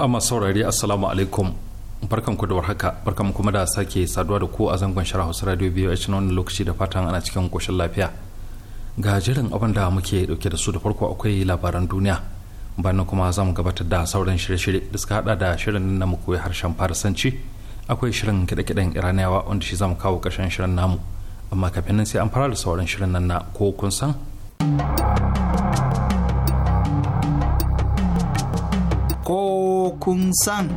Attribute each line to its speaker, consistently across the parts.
Speaker 1: jama'a masu saurari assalamu alaikum barkan ku da warhaka barkan kuma da sake saduwa da ku a zangon shara hausa radio biyu a cikin wannan lokaci da fatan ana cikin koshin lafiya ga jirin abin da muke dauke da su da farko akwai labaran duniya bayan kuma za mu gabatar da sauran shirye-shirye da suka hada da shirin na mu koyi harshen farisanci akwai shirin kiɗe-kiɗen iraniyawa wanda shi za mu kawo ƙarshen shirin namu amma kafin nan sai an fara da sauran shirin nan na ko kun san
Speaker 2: kun san.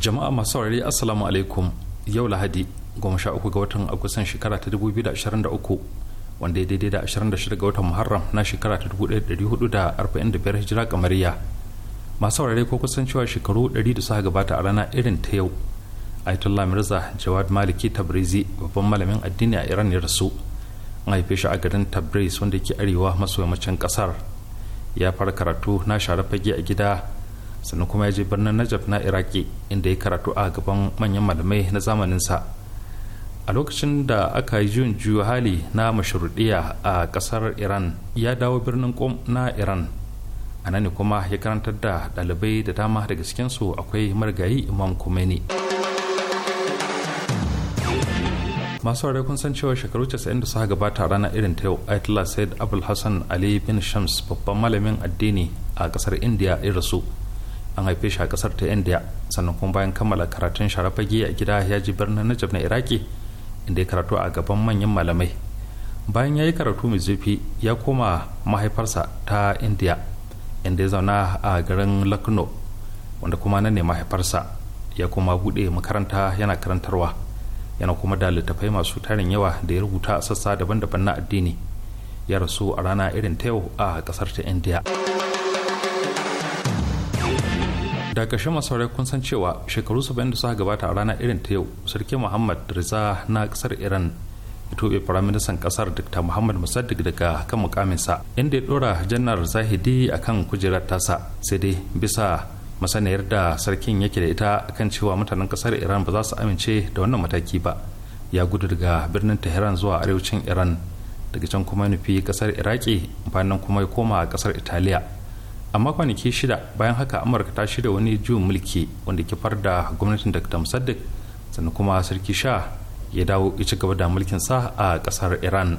Speaker 1: Jama'a masu saurari Assalamu alaikum yau Lahadi goma sha uku ga watan Agustan shekara ta 2023 wanda ya daidai da 26 ga watan Muharram na shekara ta 1445 hijira kamariya. Masu saurari ko kusan cewa shekaru 100 da suka gabata a rana irin ta yau. Aitullah Mirza Jawad Maliki Tabrizi babban malamin addini a Iran ya rasu. an haife shi a garin tabriz wanda ke arewa maso yammacin kasar ya fara karatu na share fage a gida sannan kuma ya je birnin najaf na iraki inda ya karatu a gaban manyan malamai na zamaninsa a lokacin da aka yi juyin juyo hali na mashruɗiya a kasar iran ya dawo birnin kom na iran a nan kuma ya karantar da dalibai da dama daga cikinsu akwai marigayi imam khomeini masu ware kun san cewa shekaru 90 da suka gabata rana irin ta yau ayatollah said abul hassan ali bin shams babban malamin addini a kasar india ya rasu an haife shi a kasar ta india sannan kuma bayan kammala karatun sharafage a gida ya ji birnin najab na iraki inda ya karatu a gaban manyan malamai bayan ya yi karatu mai zurfi ya koma mahaifarsa ta india inda ya zauna a garin lakno wanda kuma nan ne mahaifarsa ya kuma buɗe makaranta yana karantarwa yana kuma da littattafai masu tarin yawa da ya rubuta a sassa daban-daban na addini ya rasu a rana irin ta yau a kasar ta india da ƙarshen masaurai kun san cewa shekaru 70 da suka gabata a rana irin ta yau sarki muhammad riza na kasar iran ya tobe firaministan kasar dr muhammad musaddiq daga kan mukaminsa inda ya dora janar zahidi akan kujerar tasa sai dai bisa masaniyar da sarkin yake da ita kan cewa mutanen kasar iran ba za su amince da wannan mataki ba ya gudu daga birnin tehran zuwa arewacin iran daga can kuma nufi kasar iraki bayan kuma ya koma kasar italiya amma kwanaki shida bayan haka amurka ta shirya wani juyin mulki wanda kifar da gwamnatin dr musaddik sannan kuma sarki sha ya dawo ya ci gaba da mulkin sa a kasar iran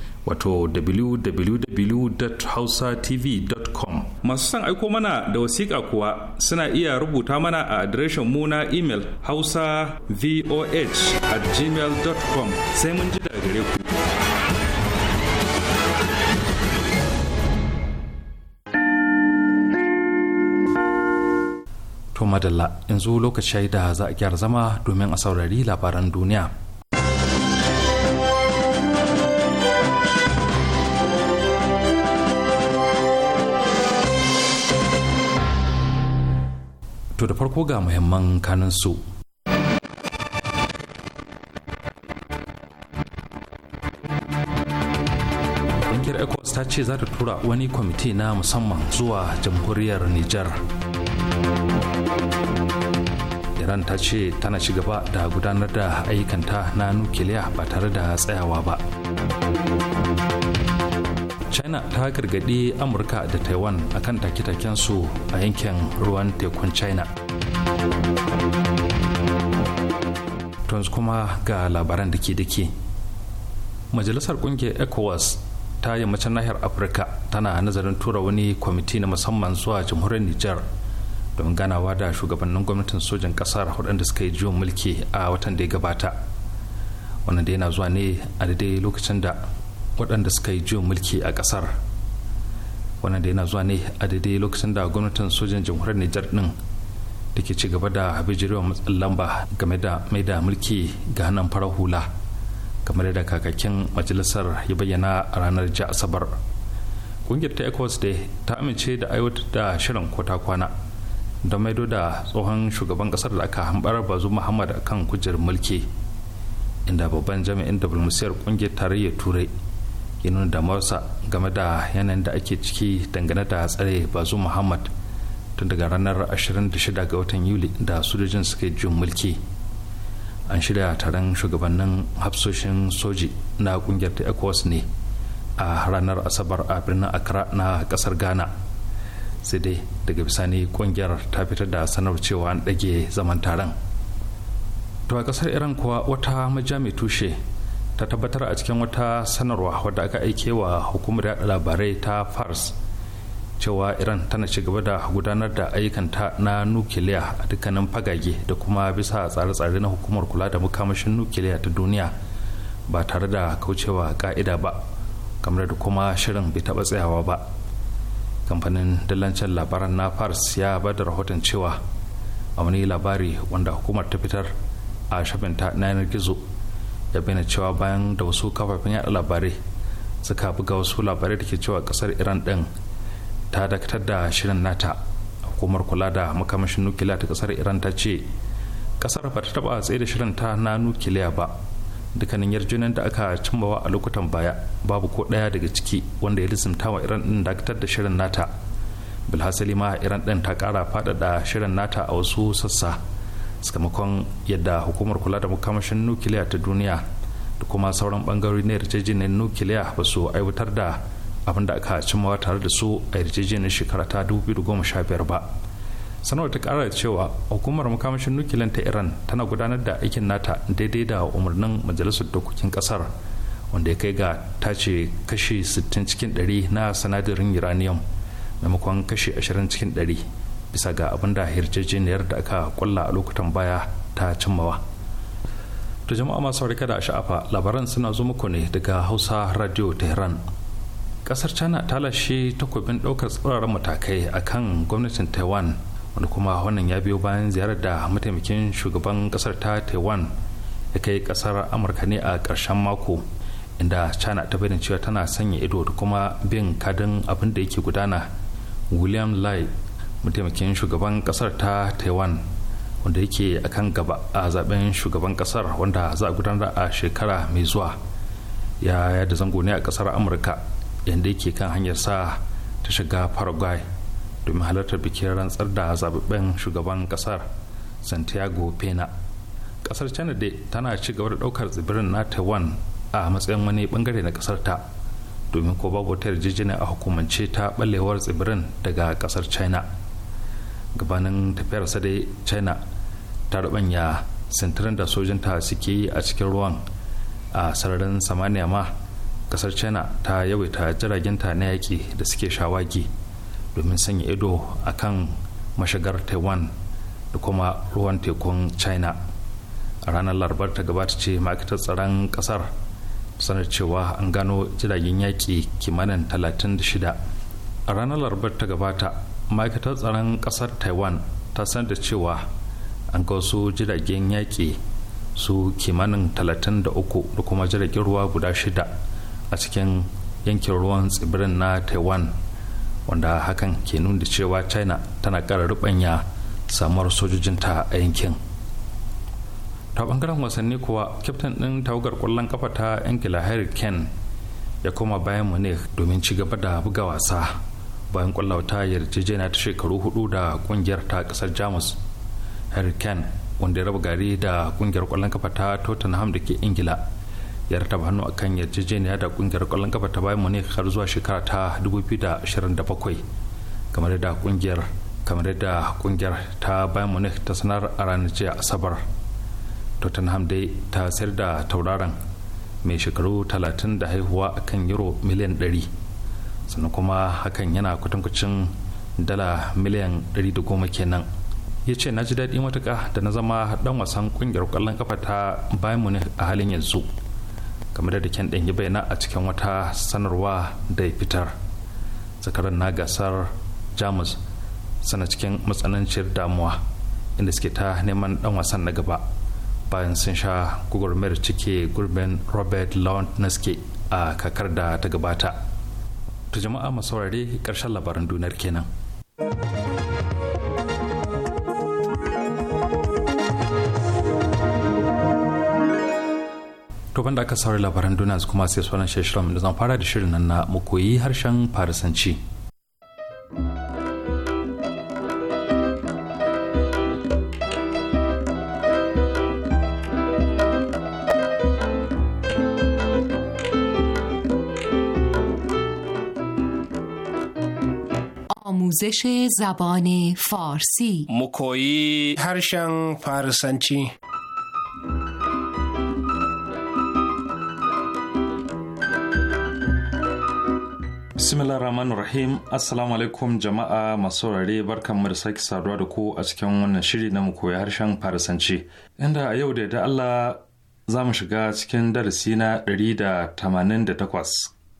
Speaker 1: wato www.hausatv.com masu son aiko mana da wasiƙa kuwa suna iya rubuta mana a adireshin mu na imel hausa voh at gmail.com sai mun ji da gare ku to madalla yanzu lokaci da za a gyara zama domin a saurari labaran duniya To da farko ga muhimman kanin su. Ƙungiyar ecos ta ce za ta tura wani kwamiti na musamman zuwa jamhuriyar Nijar. Iran ta ce tana ci gaba da gudanar da ayyukanta na nukiliya ba tare da tsayawa ba. china ta gargaɗi amurka da taiwan akan take-taken su a yankin ruwan tekun china tons kuma ga labaran da ke dake majalisar kungiyar ecowas ta yammacin nahiyar afirka tana nazarin tura wani kwamiti na musamman zuwa jamhuriyar niger domin ganawa da shugabannin gwamnatin sojin kasar waɗanda suka yi juyin mulki a watan da ya gabata wannan da yana zuwa ne a daidai lokacin da waɗanda suka yi juyin mulki a ƙasar wannan da yana zuwa ne a daidai lokacin da gwamnatin sojan jamhuriyar nijar ɗin da ke ci gaba da bijirewa matsin lamba game da mai da mulki ga hannun farar hula kamar da kakakin majalisar ya bayyana a ranar ji asabar ƙungiyar ta ecos day ta amince da aiwatar da shirin ta kwana don maido da tsohon shugaban ƙasar da aka hambar bazu muhammad kan kujerar mulki inda babban jami'in da bulmusiyar ƙungiyar tarayyar turai ya nuna damarsa game da yanayin da ake ciki dangane da tsare bazu muhammad tun daga ranar 26 ga watan yuli da sojojin suka jin mulki an shirya taron shugabannin hafsoshin soji na kungiyar ta ecowas ne a ranar asabar a birnin accra na kasar ghana sai dai daga bisani kungiyar ta fitar da sanar cewa an ɗage zaman taron to a kasar iran kuwa wata majami tushe ta tabbatar a cikin wata sanarwa wadda aka aike wa hukumar yaɗa labarai ta fars cewa iran tana ci gaba da gudanar da ayyukanta na nukiliya a dukkanin fagage da kuma bisa tsare-tsare na hukumar kula da makamashin nukiliya ta duniya ba tare da kaucewa ka'ida ba kamar da kuma shirin bai taɓa tsayawa ba kamfanin dillancin labaran na fars ya ba da rahoton cewa a wani labari wanda hukumar ta fitar a shafinta na yanar gizo ya bayyana cewa bayan da wasu kafafen yada labarai suka buga wasu labarai da ke cewa kasar iran din ta dakatar da shirin nata hukumar kula da makamashin nukiliya ta kasar iran ta ce kasar ba ta taba tsaye da shirin ta na nukiliya ba dukkanin yarjejeniyar da aka cimmawa a lokutan baya babu ko daya daga ciki wanda ya lissimta wa iran din dakatar da shirin nata bilhassali ma iran din ta kara faɗaɗa shirin nata a wasu sassa sakamakon yadda hukumar kula da makamashin nukiliya ta duniya da kuma sauran bangarori na yarjejeniyar nukiliya ba su aiwatar da abin da aka cimmawa tare da su a yarjejeniyar shekara ta sha 2015 ba sanarwar ta kara da cewa hukumar makamashin nukiliyan ta iran tana gudanar da aikin nata daidai da umarnin majalisar dokokin kasar wanda ya kai ga tace kashi 60 cikin 100 na sanadarin uranium maimakon kashi 20 cikin 100 bisa ga abin da yarjejeniyar da aka kulla a lokutan baya ta cimmawa to jama'a masu rika da sha'afa labaran suna zo muku ne daga hausa radio tehran kasar china ta lashe takobin ɗaukar tsauraran matakai a kan gwamnatin taiwan wani kuma wannan ya biyo bayan ziyarar da mataimakin shugaban kasar ta taiwan ya kai kasar amurka ne a ƙarshen mako inda china ta bayyana cewa tana sanya ido da kuma bin kadin abin da yake gudana william lai mataimakin shugaban kasar ta taiwan wanda yake kan gaba a zaben shugaban kasar wanda za a gudanar a shekara mai zuwa ya yada zango ne a kasar amurka yadda yake kan hanyar sa ta shiga paraguay domin halartar bikin rantsar da zababben shugaban kasar santiago pena kasar china dai tana ci gaba da daukar tsibirin na taiwan a matsayin wani bangare na kasar ta domin ko babu wata yarjejeniya a hukumance ta ballewar tsibirin daga kasar china gabanin tafiyarsa dai china ta rubanya sintirin da sojanta suke yi a cikin ruwan a sararin samaniya ma kasar china ta yawaita jiragenta na yaƙi da suke shawagi domin sanya ido a kan mashigar taiwan da kuma ruwan tekun china a ranar larabar ta gabata ce ma'aikatar tsaron kasar sanar cewa an gano jiragen yaƙi kimanin 36 a ranar larabar ta gabata ma'aikatar tsaron kasar taiwan ta san da cewa an ga wasu jiragen yaƙi su kimanin 33 da kuma jiragen ruwa guda shida a cikin yankin ruwan tsibirin na taiwan wanda hakan ke nuna cewa china tana ƙara rubanya samuwar sojojinta a yankin ta bangaren wasanni kuwa kyaftin ɗin tawagar ƙwallon ƙafa ta ingila harry kane ya koma bayan munich domin ci gaba da buga wasa bayan kwallawa ta yarjejeniya ta shekaru hudu da kungiyar ta kasar jamus harry kane wanda ya raba gari da kungiyar kwallon kafa ta tottenham da ke ingila ya rataba hannu a kan yarjejeniya da kungiyar kwallon kafa ta bayan munich har zuwa shekara ta 2027 kamar da kungiyar kamar da kungiyar ta bayan munich ta sanar a ranar jiya asabar tottenham dai ta sayar da tauraron mai shekaru 30 da haihuwa akan euro miliyan 100 sannan kuma hakan yana kwatankwacin dala miliyan 110 kenan ya ce na ji daɗi matuƙa da na zama dan wasan ƙungiyar ƙwallon kafa ta bayan munich a halin yanzu kamar da ken ɗan yi bayyana a cikin wata sanarwa da ya fitar zakaran na gasar jamus sana cikin matsananciyar damuwa inda suke ta neman dan wasan na gaba bayan sun sha gugurmiyar cike gurbin robert lawn naske a kakar da ta gabata to jama'a masu saurare karshen labaran dunar kenan to banda aka saurari labaran duniya kuma sai sauran shirin da zan fara da shirin nan na mukoyi harshen farisanci
Speaker 3: آموزش زبان فارسی
Speaker 1: مکویی هرشن فارسنچی bismillah rahman rahim assalamu jama'a masu saurare barkan mu da sake saduwa da ku a cikin wannan shiri na mu koyi harshen farisanci inda a yau da da allah za mu shiga cikin darasi na ɗari da da 188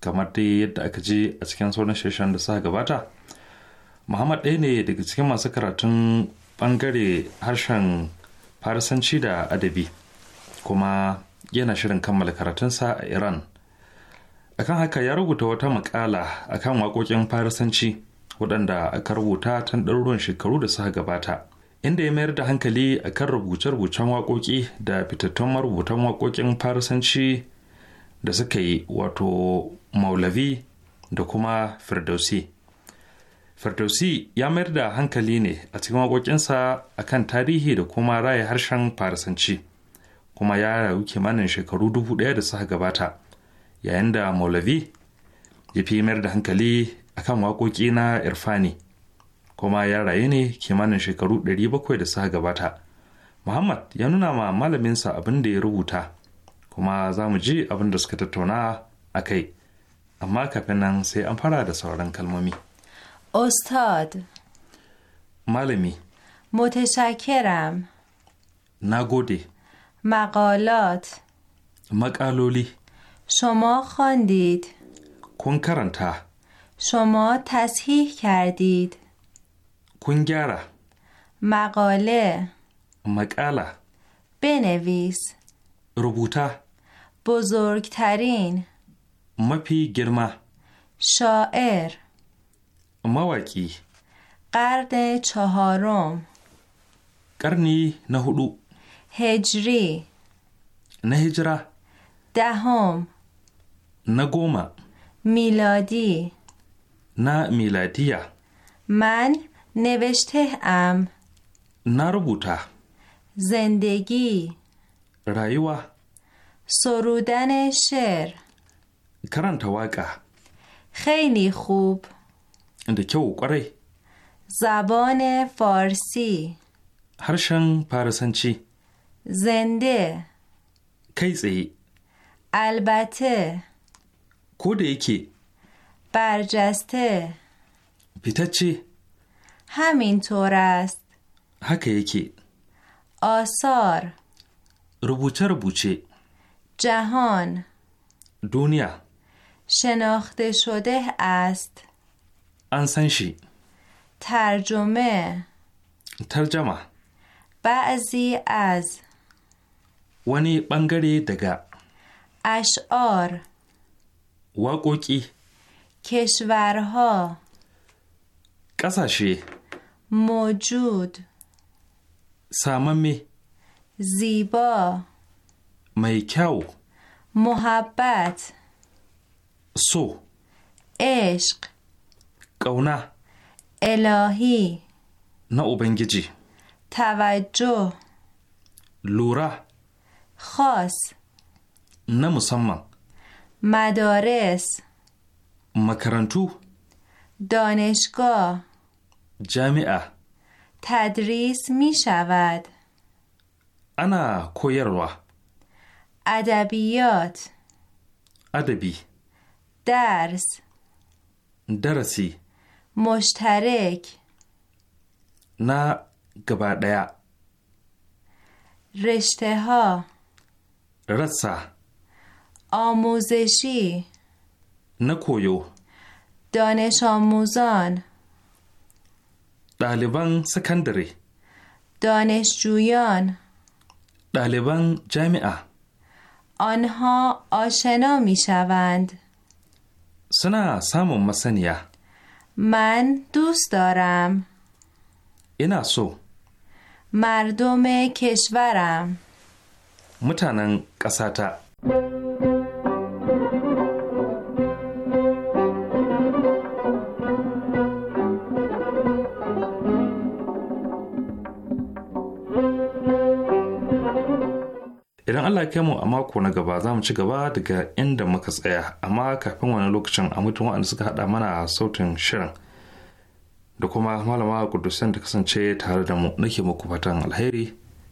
Speaker 1: kamar dai yadda aka je a cikin sauran shirin da suka gabata muhammad ɗaya ne daga cikin masu karatun ɓangare harshen farisanci da adabi kuma yana shirin kammala karatunsa a iran akan haka ya rubuta wata makala akan waƙoƙin farisanci waɗanda aka rubuta tun ɗaruruwan shekaru da suka gabata inda ya mayar da hankali akan rubuce-rubucen waƙoƙi da fitattun marubutan waƙoƙin farisanci da suka yi wato maulavi da kuma firdausi Fartosi ya mayar da hankali ne a cikin waƙoƙinsa kan tarihi da kuma raya harshen Farisanci, kuma ya rayu kimanin shekaru dubu ɗaya da suka gabata, yayin da Maulavi ya fi mayar da hankali akan waƙoƙi na Irfani, kuma ya rayu ne kimanin shekaru ɗari bakwai da suka gabata. Muhammad ya nuna ma malaminsa abin da ya rubuta, kuma za mu ji abin da suka tattauna a kai, amma kafin nan sai an fara da sauran kalmomi.
Speaker 3: استاد معلمی متشکرم
Speaker 1: نگودی
Speaker 3: مقالات
Speaker 1: مقالولی
Speaker 3: شما خواندید
Speaker 1: کنکرانتا
Speaker 3: شما تصحیح کردید کنگره مقاله
Speaker 1: مقاله
Speaker 3: بنویس روبوتا بزرگترین
Speaker 1: مپی گرما
Speaker 3: شاعر
Speaker 1: مواکی
Speaker 3: قرن چهارم
Speaker 1: قرنی نهدو
Speaker 3: هجری
Speaker 1: نهجره
Speaker 3: دهم
Speaker 1: نگوما
Speaker 3: میلادی
Speaker 1: نه میلادیه
Speaker 3: من نوشته ام
Speaker 1: نربوتا
Speaker 3: زندگی رایوا سرودن شعر کرنت واقع خیلی خوب da چو زبان فارسی
Speaker 1: هرشن پارسنچی
Speaker 3: زنده کی البته
Speaker 1: ko da yake
Speaker 3: برجسته همین همینطور است
Speaker 1: haka یکی
Speaker 3: آثار
Speaker 1: rubuce rubuce
Speaker 3: جهان دنیا شناخته شده است
Speaker 1: انسنشی
Speaker 3: ترجمه ترجمه بعضی از
Speaker 1: ونی بنگری دگا
Speaker 3: اشعار
Speaker 1: وقوکی
Speaker 3: کشورها
Speaker 1: کساشی
Speaker 3: موجود
Speaker 1: سامامی
Speaker 3: زیبا
Speaker 1: میکاو
Speaker 3: محبت سو عشق قونه الهی
Speaker 1: نه بنگجی؟
Speaker 3: توجه لورا خاص
Speaker 1: نه مسمم
Speaker 3: مدارس
Speaker 1: مکرانتو
Speaker 3: دانشگاه
Speaker 1: جامعه
Speaker 3: تدریس می شود
Speaker 1: انا کویروا
Speaker 3: ادبیات ادبی درس درسی مشترک
Speaker 1: نه گبادیا
Speaker 3: رشته ها آموزشی
Speaker 1: نکویو
Speaker 3: دانش آموزان
Speaker 1: دالبان سکندری
Speaker 3: دانشجویان
Speaker 1: دالبان جامعه
Speaker 3: آنها آشنا می شوند
Speaker 1: سنا سامون مسنیه
Speaker 3: من دوست دارم اینا سو مردم کشورم
Speaker 1: متانن قساتا idan allah ya mu a mako na gaba za mu ci gaba daga inda muka tsaya amma kafin wani lokacin a mutum waɗanda suka haɗa mana sautin shirin da kuma malama kudusan da kasance tare da mu nake muku fatan alheri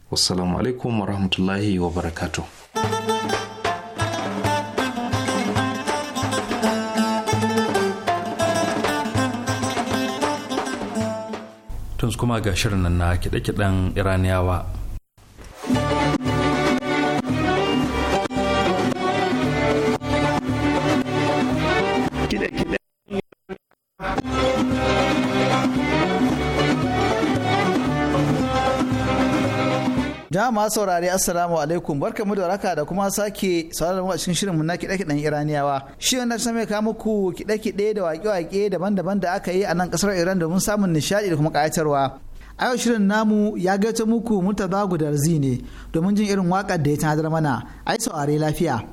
Speaker 1: wassalamu alaikum wa barakatu tun kuma ga shirin nan na kiɗe-kiɗen iraniyawa
Speaker 2: masu saurari assalamu alaikum barkamu da raka da kuma sake sauraron mu a cikin mu na kiɗe-kiɗen iraniyawa shirin na same ka muku kiɗe-kiɗe da waƙe-waƙe daban-daban da aka yi a nan ƙasar iran mun samun nishadi da kuma kayatarwa. a yau shirin namu ya gaita muku murtaza gudarzi ne domin jin irin wakar da ya tanadar mana ai saurari lafiya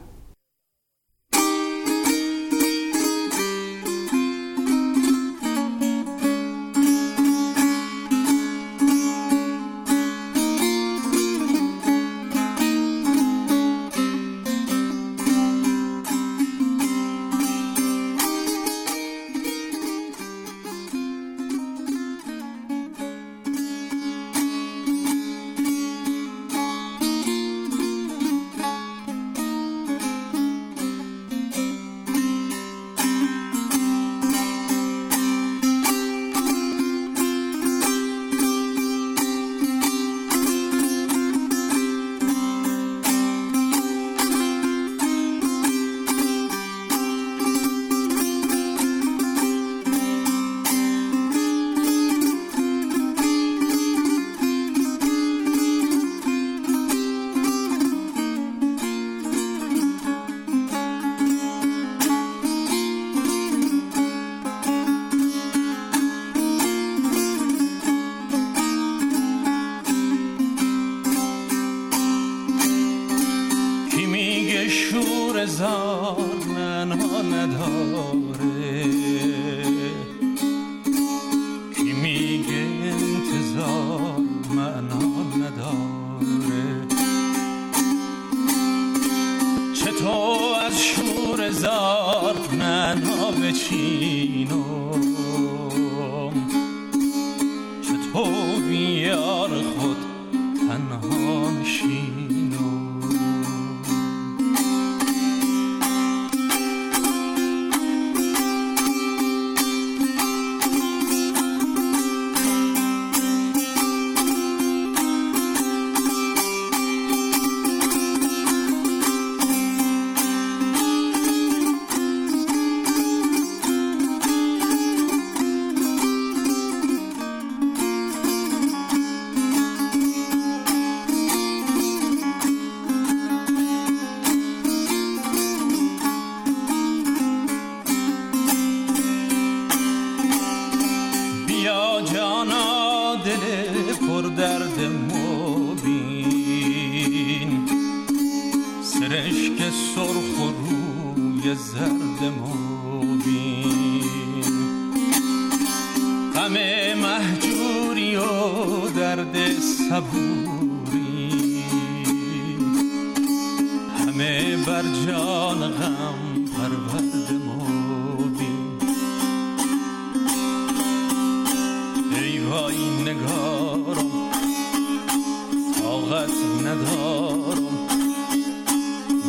Speaker 4: ندارم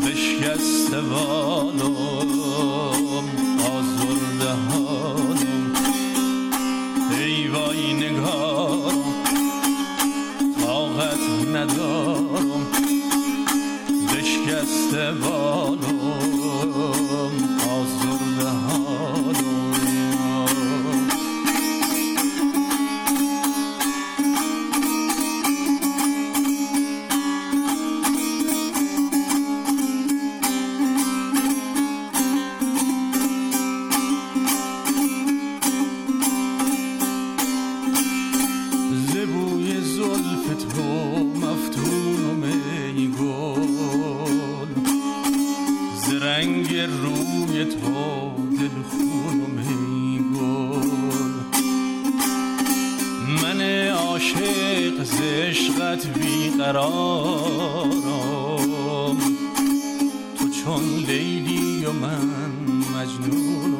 Speaker 4: بشکست والو از عشقت بیقرارم تو چون لیلی و من مجنون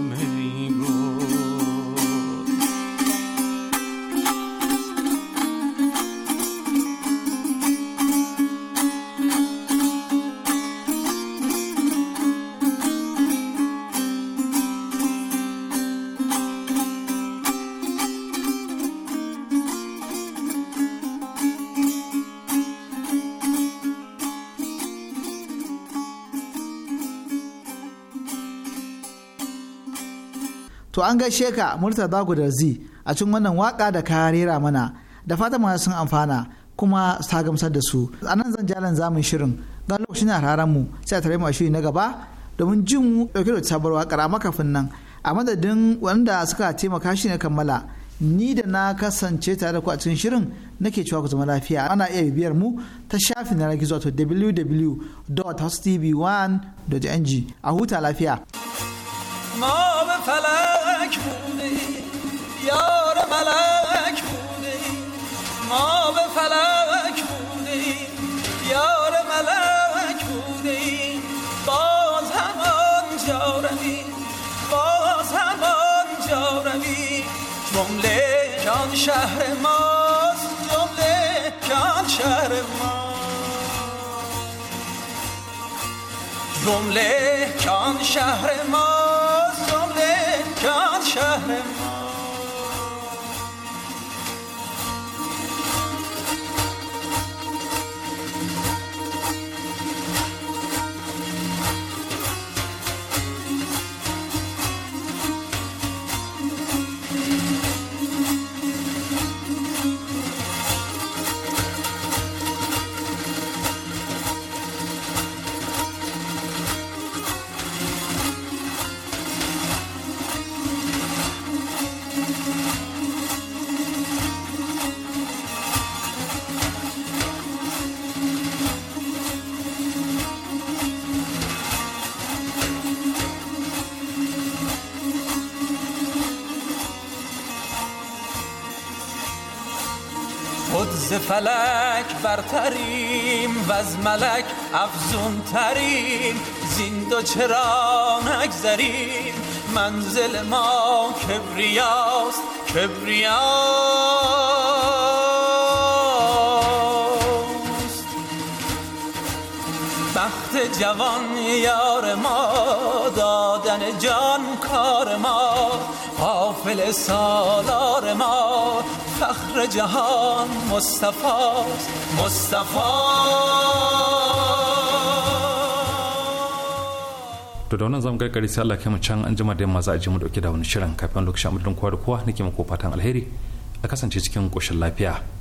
Speaker 2: gaishe ka murtaza gudarzi a cikin wannan waka da ka rera mana da fatan mana sun amfana kuma ta gamsar da su a nan zan jalan zamun shirin don lokacin rarar mu sai a tare mu shiri na gaba domin jin mu dauke da sabar wakar a kafin nan a madadin wanda suka taimaka shi ne kammala ni da na kasance tare da ku a cikin shirin nake cewa ku zama lafiya ana iya bibiyar mu ta shafi na gizo to www.hostv1.ng a huta lafiya.
Speaker 5: fella! ملک بوده ای یار ملک بوده ما به فلک بوده ای یار ملک بوده ای باز همان جا روی باز همان جا روی جمله کان شهر ماست جمله کان شهر ما جمله کان شهر ما شهر فلک برتریم و از ملک افزونتریم زین و چرا نگذریم منزل ما کبریاست کبریاست بخت جوان یار ما دادن جان کار ما حافل سالار ما فخر جهان مصطفی مصطفی
Speaker 1: to da wannan zamu karkari sai Allah mu can an jima da yamma za a je mu dauke da wani shirin kafin lokacin amadin kowa da kowa nake muku fatan alheri a kasance cikin koshin lafiya